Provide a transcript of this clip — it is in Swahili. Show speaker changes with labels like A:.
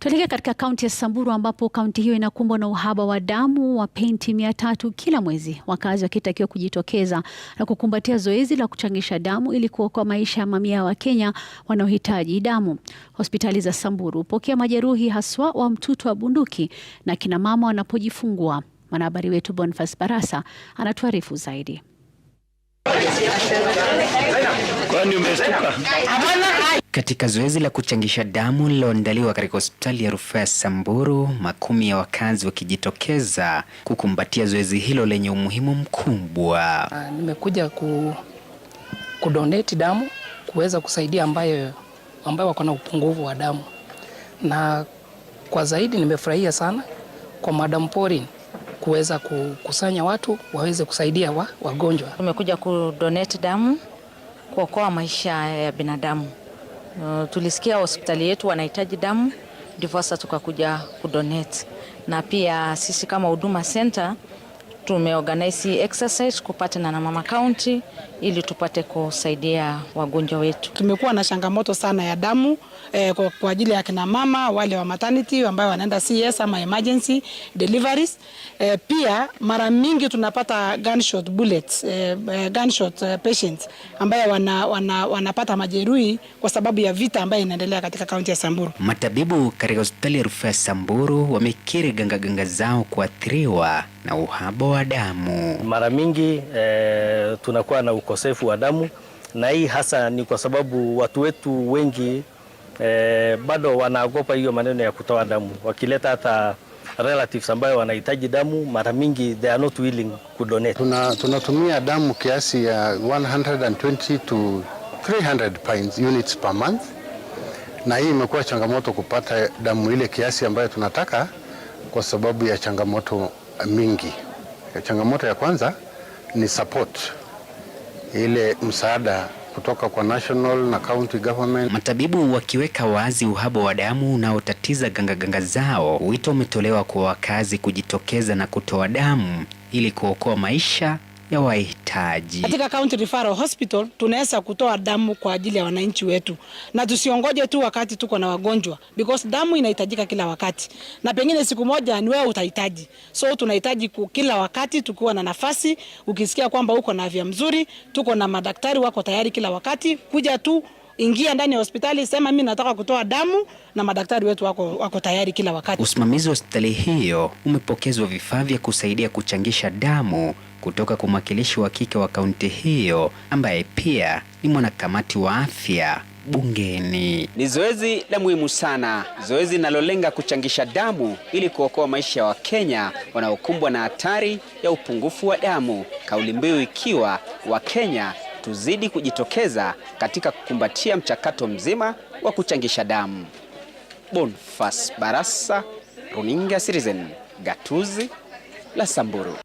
A: Tuelekee katika kaunti ya Samburu ambapo kaunti hiyo inakumbwa na uhaba wa damu wa penti mia tatu kila mwezi, wakazi wakitakiwa kujitokeza na kukumbatia zoezi la kuchangisha damu ili kuokoa maisha ya mamia ya Wakenya wanaohitaji damu. Hospitali za Samburu hupokea majeruhi haswa wa mtutu wa bunduki na kina mama wanapojifungua. Mwanahabari wetu bonifas Barasa anatuarifu zaidi.
B: Kwani Katika zoezi la kuchangisha damu liloandaliwa katika hospitali ya rufaa ya Samburu, makumi ya wakazi wakijitokeza kukumbatia zoezi hilo lenye umuhimu mkubwa.
C: Ah, nimekuja ku kudoneti damu kuweza kusaidia ambayo ambayo wako na upungufu wa damu, na kwa zaidi nimefurahia sana kwa Madam Porin kuweza kukusanya watu waweze kusaidia wa, wagonjwa.
D: Tumekuja kudonate damu kuokoa maisha ya binadamu. Uh, tulisikia hospitali yetu wanahitaji damu, ndivyo sasa tukakuja kudonate, na pia sisi kama Huduma Center tumeorganize exercise kupatana na mama county ili tupate kusaidia wagonjwa wetu.
E: Kimekuwa na changamoto sana ya damu eh, kwa, kwa ajili ya kina mama wale wa maternity ambao wanaenda CS ama emergency deliveries. Eh, pia mara mingi tunapata gunshot bullets, eh, eh gunshot eh, patients ambao wana, wana, wanapata majeruhi kwa sababu ya vita ambayo inaendelea katika kaunti ya Samburu.
B: Matabibu katika hospitali ya rufaa ya Samburu wamekiri gangaganga zao kuathiriwa na uhaba wa damu.
F: Mara mingi e, tunakuwa na ukosefu wa damu, na hii hasa ni kwa sababu watu wetu wengi e, bado wanaogopa hiyo maneno ya kutoa damu. Wakileta hata relatives ambayo wanahitaji damu, mara mingi they are not willing to donate.
G: Tuna, tunatumia damu kiasi ya 120 to 300 pints units per month, na hii imekuwa changamoto kupata damu ile kiasi ambayo tunataka kwa sababu ya changamoto mingi. Eh, changamoto ya kwanza ni support, ile msaada kutoka kwa national na county government.
B: Matabibu wakiweka wazi uhaba wa damu unaotatiza gangaganga zao, wito umetolewa kwa wakazi kujitokeza na kutoa damu ili kuokoa maisha ya wahi wanahitaji.
E: Katika County Referral Hospital tunaweza kutoa damu kwa ajili ya wananchi wetu, na tusiongoje tu wakati tuko na wagonjwa, because damu inahitajika kila wakati, na pengine siku moja ni wewe utahitaji. So tunahitaji kila wakati tukiwa na nafasi, ukisikia kwamba uko na afya mzuri, tuko na madaktari wako tayari kila wakati kuja tu Ingia ndani ya hospitali, sema mimi nataka kutoa damu, na madaktari wetu wako, wako tayari kila wakati.
B: Usimamizi wa hospitali hiyo umepokezwa vifaa vya kusaidia kuchangisha damu kutoka kwa mwakilishi wa kike wa kaunti hiyo ambaye pia ni mwanakamati wa afya bungeni.
H: Ni zoezi la muhimu sana, zoezi linalolenga kuchangisha damu ili kuokoa maisha ya wa Wakenya wanaokumbwa na hatari ya upungufu wa damu, kauli mbiu ikiwa Wakenya tuzidi kujitokeza katika kukumbatia mchakato mzima wa kuchangisha damu. Bonfas Barasa, Runinga Citizen, gatuzi la Samburu.